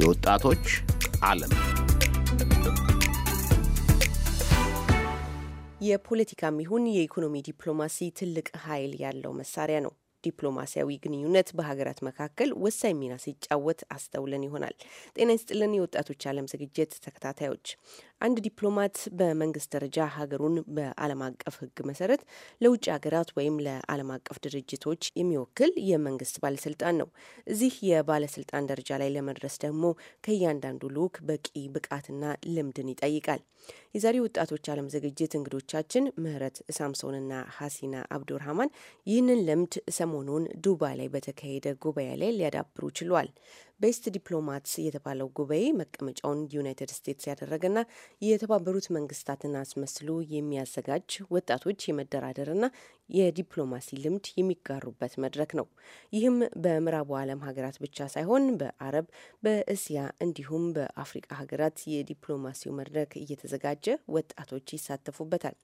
የወጣቶች ዓለም የፖለቲካም ይሁን የኢኮኖሚ ዲፕሎማሲ ትልቅ ኃይል ያለው መሳሪያ ነው። ዲፕሎማሲያዊ ግንኙነት በሀገራት መካከል ወሳኝ ሚና ሲጫወት አስተውለን ይሆናል። ጤና ይስጥልን። የወጣቶች ዓለም ዝግጅት ተከታታዮች አንድ ዲፕሎማት በመንግስት ደረጃ ሀገሩን በዓለም አቀፍ ሕግ መሰረት ለውጭ ሀገራት ወይም ለዓለም አቀፍ ድርጅቶች የሚወክል የመንግስት ባለስልጣን ነው። እዚህ የባለስልጣን ደረጃ ላይ ለመድረስ ደግሞ ከእያንዳንዱ ልዑክ በቂ ብቃትና ልምድን ይጠይቃል። የዛሬ ወጣቶች ዓለም ዝግጅት እንግዶቻችን ምህረት ሳምሶንና ሀሲና አብዱርሃማን ይህንን ልምድ ሰሞኑን ዱባይ ላይ በተካሄደ ጉባኤ ላይ ሊያዳብሩ ችሏል። ቤስት ዲፕሎማትስ የተባለው ጉባኤ መቀመጫውን ዩናይትድ ስቴትስ ያደረገና የተባበሩት መንግስታትን አስመስሎ የሚያዘጋጅ ወጣቶች የመደራደርና የዲፕሎማሲ ልምድ የሚጋሩበት መድረክ ነው። ይህም በምዕራቡ ዓለም ሀገራት ብቻ ሳይሆን በአረብ፣ በእስያ እንዲሁም በአፍሪቃ ሀገራት የዲፕሎማሲው መድረክ እየተዘጋጀ ወጣቶች ይሳተፉበታል።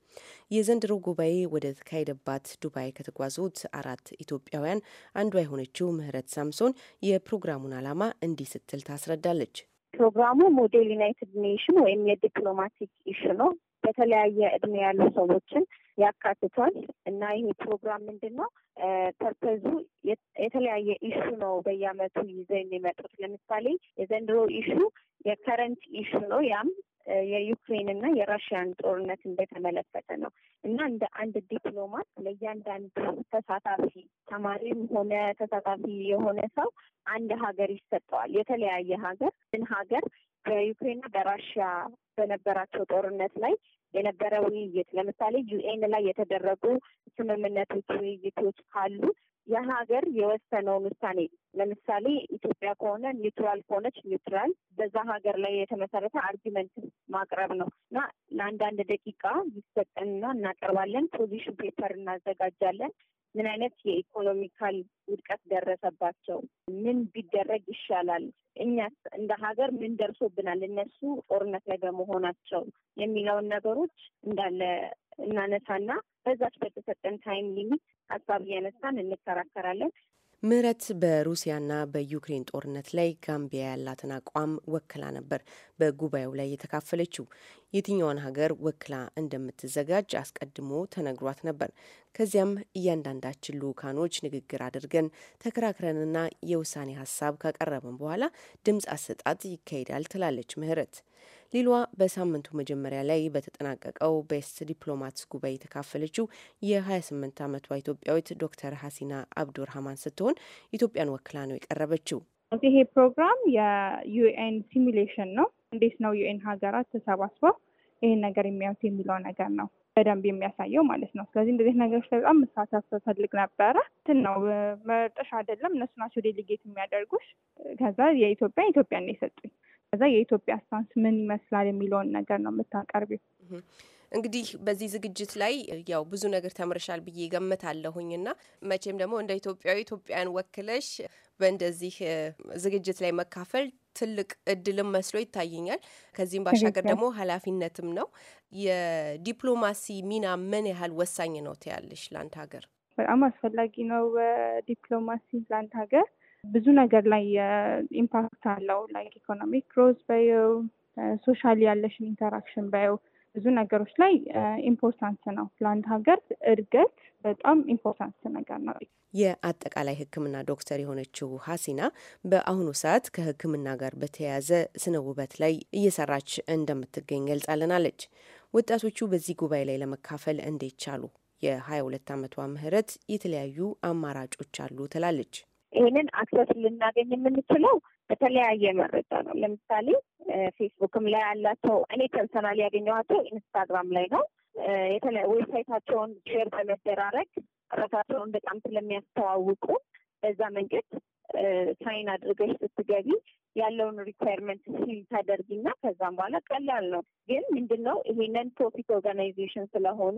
የዘንድሮ ጉባኤ ወደ ተካሄደባት ዱባይ ከተጓዙት አራት ኢትዮጵያውያን አንዷ የሆነችው ምህረት ሳምሶን የፕሮግራሙን ዓላማ እንዲህ ስትል ታስረዳለች። ፕሮግራሙ ሞዴል ዩናይትድ ኔሽን ወይም የዲፕሎማቲክ ኢሹ ነው። በተለያየ እድሜ ያሉ ሰዎችን ያካትቷል እና ይህ ፕሮግራም ምንድን ነው ፐርፐዙ የተለያየ ኢሹ ነው። በየአመቱ ይዘው የሚመጡት ለምሳሌ የዘንድሮ ኢሹ የከረንት ኢሹ ነው። ያም የዩክሬን እና የራሽያን ጦርነት እንደተመለከተ ነው እና እንደ አንድ ዲፕሎማት ለእያንዳንዱ ተሳታፊ ተማሪም ሆነ ተሳታፊ የሆነ ሰው አንድ ሀገር ይሰጠዋል። የተለያየ ሀገር ምን ሀገር በዩክሬንና በራሽያ በነበራቸው ጦርነት ላይ የነበረ ውይይት ለምሳሌ ዩኤን ላይ የተደረጉ ስምምነቶች፣ ውይይቶች ካሉ የሀገር የወሰነውን ውሳኔ ለምሳሌ ኢትዮጵያ ከሆነ ኒውትራል ከሆነች ኒውትራል በዛ ሀገር ላይ የተመሰረተ አርጊመንት ማቅረብ ነው እና ለአንዳንድ ደቂቃ ይሰጠንና እናቀርባለን። ፖዚሽን ፔፐር እናዘጋጃለን። ምን አይነት የኢኮኖሚካል ውድቀት ደረሰባቸው? ምን ቢደረግ ይሻላል? እኛ እንደ ሀገር ምን ደርሶብናል? እነሱ ጦርነት ላይ በመሆናቸው የሚለውን ነገሮች እንዳለ እናነሳና በዛች በተሰጠን ታይም ሊሚት አግባብ እያነሳን እንከራከራለን። ምህረት በሩሲያና በዩክሬን ጦርነት ላይ ጋምቢያ ያላትን አቋም ወክላ ነበር በጉባኤው ላይ የተካፈለችው። የትኛዋን ሀገር ወክላ እንደምትዘጋጅ አስቀድሞ ተነግሯት ነበር። ከዚያም እያንዳንዳችን ልኡካኖች ንግግር አድርገን ተከራክረንና የውሳኔ ሀሳብ ካቀረበን በኋላ ድምፅ አሰጣጥ ይካሄዳል ትላለች ምህረት። ሊሏ በሳምንቱ መጀመሪያ ላይ በተጠናቀቀው ቤስት ዲፕሎማትስ ጉባኤ የተካፈለችው የ28 ዓመቷ ኢትዮጵያዊት ዶክተር ሀሲና አብዱርሃማን ስትሆን ኢትዮጵያን ወክላ ነው የቀረበችው። ይሄ ፕሮግራም የዩኤን ሲሚሌሽን ነው። እንዴት ነው ዩኤን ሀገራት ተሰባስበው ይህን ነገር የሚያዩት የሚለው ነገር ነው በደንብ የሚያሳየው ማለት ነው። ስለዚህ እንደዚህ ነገሮች ላይ በጣም መሳተፍ ፈልግ ነበረ። እንትን ነው መርጠሽ አይደለም እነሱ ናቸው ዴሊጌት የሚያደርጉሽ። ከዛ የኢትዮጵያ ኢትዮጵያ ነው የሰጡኝ ከዛ የኢትዮጵያ ስታንስ ምን ይመስላል የሚለውን ነገር ነው የምታቀርቢው። እንግዲህ በዚህ ዝግጅት ላይ ያው ብዙ ነገር ተምርሻል ብዬ ገምታለሁኝ እና መቼም ደግሞ እንደ ኢትዮጵያዊ ኢትዮጵያን ወክለሽ በእንደዚህ ዝግጅት ላይ መካፈል ትልቅ እድልም መስሎ ይታየኛል። ከዚህም ባሻገር ደግሞ ኃላፊነትም ነው። የዲፕሎማሲ ሚና ምን ያህል ወሳኝ ነው ትያለሽ? ለአንድ ሀገር በጣም አስፈላጊ ነው ዲፕሎማሲ ለአንድ ሀገር ብዙ ነገር ላይ ኢምፓክት አለው። ላይክ ኢኮኖሚክ ግሮዝ በየው ሶሻል ያለሽን ኢንተራክሽን በየው ብዙ ነገሮች ላይ ኢምፖርታንት ነው። ለአንድ ሀገር እድገት በጣም ኢምፖርታንት ነገር ነው። የአጠቃላይ ሕክምና ዶክተር የሆነችው ሀሲና በአሁኑ ሰዓት ከሕክምና ጋር በተያያዘ ስነ ውበት ላይ እየሰራች እንደምትገኝ ገልጻልናለች። ወጣቶቹ በዚህ ጉባኤ ላይ ለመካፈል እንዴት ቻሉ? የ22 ዓመቷ ምህረት የተለያዩ አማራጮች አሉ ትላለች። ይህንን አክሰስ ልናገኝ የምንችለው በተለያየ መረጃ ነው። ለምሳሌ ፌስቡክም ላይ ያላቸው እኔ ፐርሰናል ያገኘኋቸው ኢንስታግራም ላይ ነው። ዌብሳይታቸውን ሼር በመደራረግ ራሳቸውን በጣም ስለሚያስተዋውቁ በዛ መንገድ ሳይን አድርገሽ ስትገቢ ያለውን ሪኳየርመንት ፊል ታደርጊና ከዛም በኋላ ቀላል ነው። ግን ምንድነው ይሄንን ፕሮፊት ኦርጋናይዜሽን ስለሆነ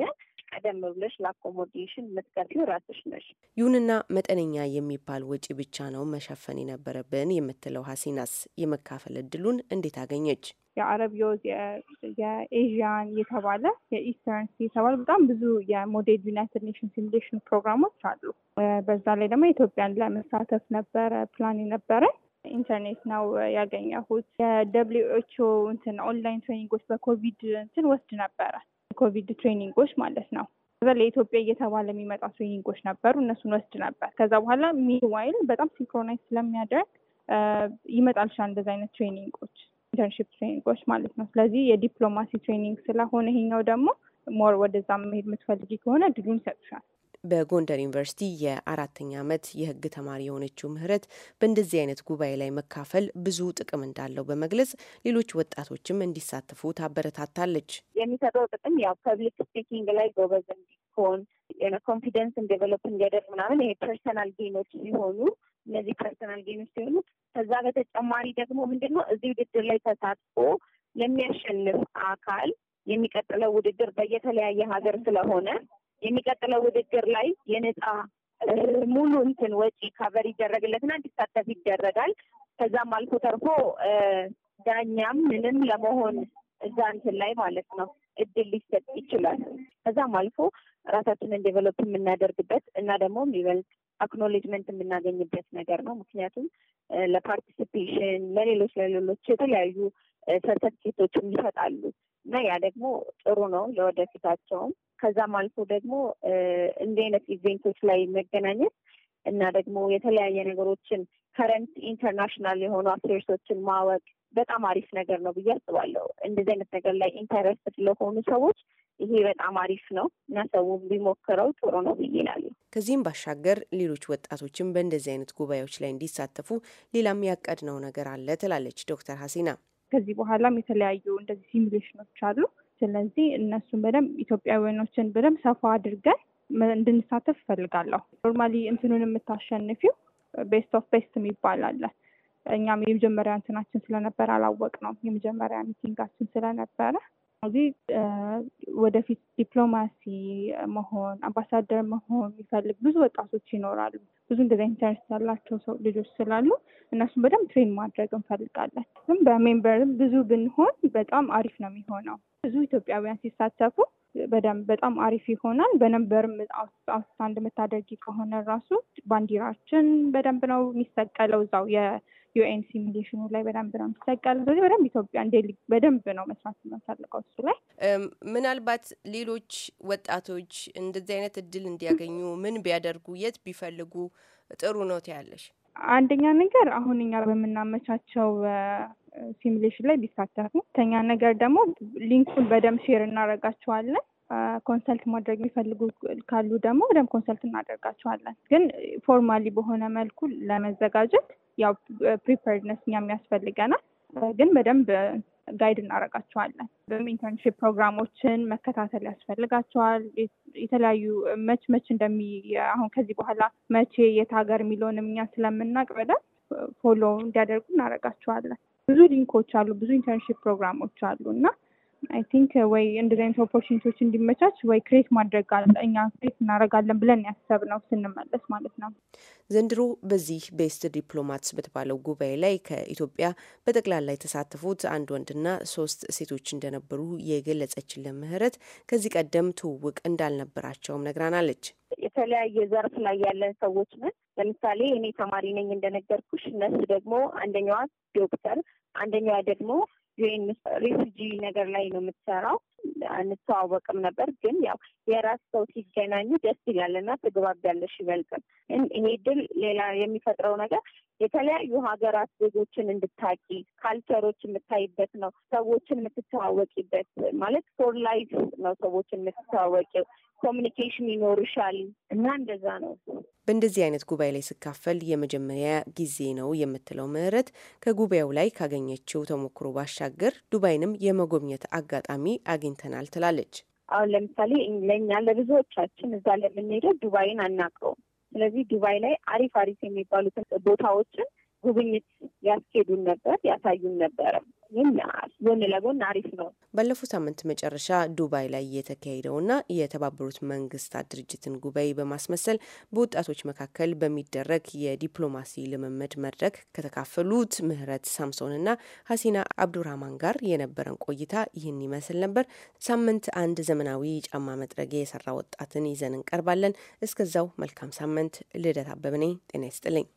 ቀደም ብለሽ ለአኮሞዴሽን የምትከፍይው ራስሽ ነሽ። ይሁንና መጠነኛ የሚባል ወጪ ብቻ ነው መሸፈን የነበረብን የምትለው ሀሲናስ የመካፈል እድሉን እንዴት አገኘች? የአረቢዮዝ የኤዥያን የተባለ የኢስተርን የተባለ በጣም ብዙ የሞዴል ዩናይትድ ኔሽን ሲሙሌሽን ፕሮግራሞች አሉ። በዛ ላይ ደግሞ ኢትዮጵያን ለመሳተፍ ነበረ ፕላን የነበረን ኢንተርኔት ነው ያገኘሁት። የደብሊው ኤች ኦ እንትን ኦንላይን ትሬኒንጎች በኮቪድ እንትን ወስድ ነበረ። ኮቪድ ትሬኒንጎች ማለት ነው። ከዛ ለኢትዮጵያ እየተባለ የሚመጣ ትሬኒንጎች ነበሩ። እነሱን ወስድ ነበር። ከዛ በኋላ ሚድዋይል በጣም ሲንክሮናይዝ ስለሚያደርግ ይመጣልሻል እንደዚ አይነት ትሬኒንጎች ኢንተርንሽፕ ትሬኒንጎች ማለት ነው። ስለዚህ የዲፕሎማሲ ትሬኒንግ ስለሆነ ይሄኛው ደግሞ ሞር ወደዛ መሄድ የምትፈልጊ ከሆነ ድሉን ይሰጡሻል። በጎንደር ዩኒቨርሲቲ የአራተኛ ዓመት የሕግ ተማሪ የሆነችው ምህረት በእንደዚህ አይነት ጉባኤ ላይ መካፈል ብዙ ጥቅም እንዳለው በመግለጽ ሌሎች ወጣቶችም እንዲሳተፉ ታበረታታለች። የሚሰጠው ጥቅም ያው ፐብሊክ ስፒኪንግ ላይ ጎበዝ እንዲሆን ኮንፊደንስን ዴቨሎፕ እንዲያደርግ ምናምን ይሄ ፐርሰናል ጌኖች ሲሆኑ እነዚህ ፐርሰናል ጌኖች ሲሆኑ ከዛ በተጨማሪ ደግሞ ነው እዚህ ውድድር ላይ ተሳትፎ ለሚያሸንፍ አካል የሚቀጥለው ውድድር በየተለያየ ሀገር ስለሆነ የሚቀጥለው ውድድር ላይ የነፃ ሙሉ እንትን ወጪ ካቨር ይደረግለትና እንዲሳተፍ ይደረጋል። ከዛም አልፎ ተርፎ ዳኛም ምንም ለመሆን እዛ እንትን ላይ ማለት ነው እድል ሊሰጥ ይችላል። ከዛም አልፎ ራሳችንን ዴቨሎፕ የምናደርግበት እና ደግሞ የሚበልጥ አክኖሌጅመንት የምናገኝበት ነገር ነው። ምክንያቱም ለፓርቲሲፔሽን ለሌሎች ለሌሎች የተለያዩ ሰርተፊኬቶችም ይሰጣሉ። እና ያ ደግሞ ጥሩ ነው ለወደፊታቸውም። ከዛም አልፎ ደግሞ እንዲህ አይነት ኢቬንቶች ላይ መገናኘት እና ደግሞ የተለያየ ነገሮችን ከረንት ኢንተርናሽናል የሆኑ አፌርሶችን ማወቅ በጣም አሪፍ ነገር ነው ብዬ አስባለሁ። እንደዚህ አይነት ነገር ላይ ኢንተረስት ለሆኑ ሰዎች ይሄ በጣም አሪፍ ነው እና ሰው ቢሞክረው ጥሩ ነው ብዬ ይላሉ። ከዚህም ባሻገር ሌሎች ወጣቶችም በእንደዚህ አይነት ጉባኤዎች ላይ እንዲሳተፉ ሌላም ያቀድነው ነገር አለ ትላለች ዶክተር ሀሲና። ከዚህ በኋላም የተለያዩ እንደዚህ ሲሙሌሽኖች አሉ። ስለዚህ እነሱን በደንብ ኢትዮጵያውያኖችን በደንብ ሰፋ አድርገን እንድንሳተፍ እፈልጋለሁ። ኖርማሊ እንትኑን የምታሸንፊው ቤስት ኦፍ ቤስት የሚባል እኛም የመጀመሪያ እንትናችን ስለነበረ አላወቅ ነው የመጀመሪያ ሚቲንጋችን ስለነበረ ከዚህ ወደፊት ዲፕሎማሲ መሆን አምባሳደር መሆን የሚፈልግ ብዙ ወጣቶች ይኖራሉ። ብዙ እንደዚ ኢንተረስት ያላቸው ሰው ልጆች ስላሉ እነሱን በደንብ ትሬን ማድረግ እንፈልጋለን። ግን በሜምበር ብዙ ብንሆን በጣም አሪፍ ነው የሚሆነው። ብዙ ኢትዮጵያውያን ሲሳተፉ በደንብ በጣም አሪፍ ይሆናል። በነንበርም አውትስታንድ የምታደርጊ ከሆነ ራሱ ባንዲራችን በደንብ ነው የሚሰቀለው እዛው ዩኤን ሲሚሌሽኑ ላይ በደንብ ነው የምትሰቃል። ስለዚህ በደንብ ኢትዮጵያ እንደ በደንብ ነው መስራት የምንፈልገው እሱ ላይ። ምናልባት ሌሎች ወጣቶች እንደዚህ አይነት እድል እንዲያገኙ ምን ቢያደርጉ፣ የት ቢፈልጉ ጥሩ ነው ትያለሽ? አንደኛ ነገር አሁን እኛ በምናመቻቸው ሲሚሌሽን ላይ ቢሳተፉ፣ ተኛ ነገር ደግሞ ሊንኩን በደንብ ሼር እናደርጋቸዋለን ኮንሰልት ማድረግ የሚፈልጉ ካሉ ደግሞ ደም ኮንሰልት እናደርጋቸዋለን። ግን ፎርማሊ በሆነ መልኩ ለመዘጋጀት ያው ፕሪፐርድነስ እኛም ያስፈልገናል። ግን በደንብ ጋይድ እናደርጋቸዋለን። ኢንተርንሽፕ ፕሮግራሞችን መከታተል ያስፈልጋቸዋል። የተለያዩ መች መች እንደሚ አሁን ከዚህ በኋላ መቼ የት ሀገር የሚለውንም እኛ ስለምናቅ በደንብ ፎሎ እንዲያደርጉ እናደርጋቸዋለን። ብዙ ሊንኮች አሉ፣ ብዙ ኢንተርንሽፕ ፕሮግራሞች አሉ እና አይ ቲንክ uh, ወይ እንደዚህ አይነት ኦፖርቹኒቲዎች እንዲመቻች ወይ ክሬት ማድረግ እኛ ክሬት እናደርጋለን ብለን ያሰብነው ስንመለስ ማለት ነው። ዘንድሮ በዚህ ቤስት ዲፕሎማትስ በተባለው ጉባኤ ላይ ከኢትዮጵያ በጠቅላላ የተሳተፉት አንድ ወንድና ሶስት ሴቶች እንደነበሩ የገለጸችልን ምህረት ከዚህ ቀደም ትውውቅ እንዳልነበራቸውም ነግራናለች። የተለያየ ዘርፍ ላይ ያለን ሰዎች ነን። ለምሳሌ እኔ ተማሪ ነኝ እንደነገርኩሽ፣ እነሱ ደግሞ አንደኛዋ ዶክተር፣ አንደኛዋ ደግሞ ዩኤን ሪፍጂ ነገር ላይ ነው የምትሰራው። አንተዋወቅም ነበር ግን ያው የራስ ሰው ሲገናኙ ደስ ይላል ይላልና ትግባቢያለሽ ይበልጥም። ይሄ ድል ሌላ የሚፈጥረው ነገር የተለያዩ ሀገራት ዜጎችን እንድታቂ ካልቸሮች የምታይበት ነው። ሰዎችን የምትተዋወቂበት ማለት ፎር ላይፍ ነው። ሰዎችን የምትተዋወቂው ኮሚኒኬሽን ይኖርሻል እና እንደዛ ነው። በእንደዚህ አይነት ጉባኤ ላይ ስካፈል የመጀመሪያ ጊዜ ነው የምትለው ምህረት ከጉባኤው ላይ ካገኘችው ተሞክሮ ባሻገር ዱባይንም የመጎብኘት አጋጣሚ አግኝተናል ትላለች። አሁን ለምሳሌ ለእኛ ለብዙዎቻችን እዛ ለምንሄደው ዱባይን አናውቀውም። ስለዚህ ዱባይ ላይ አሪፍ አሪፍ የሚባሉትን ቦታዎችን ጉብኝት ያስኬዱን ነበር፣ ያሳዩን ነበረ። ይመራል። ጎን ለጎን አሪፍ ነው። ባለፈው ሳምንት መጨረሻ ዱባይ ላይ የተካሄደውና የተባበሩት መንግስታት ድርጅትን ጉባኤ በማስመሰል በወጣቶች መካከል በሚደረግ የዲፕሎማሲ ልምምድ መድረክ ከተካፈሉት ምህረት ሳምሶንና ሀሲና አብዱራማን ጋር የነበረን ቆይታ ይህን ይመስል ነበር። ሳምንት አንድ ዘመናዊ ጫማ መጥረጊያ የሰራ ወጣትን ይዘን እንቀርባለን። እስከዛው መልካም ሳምንት። ልደት አበብኔ ጤና ይስጥልኝ።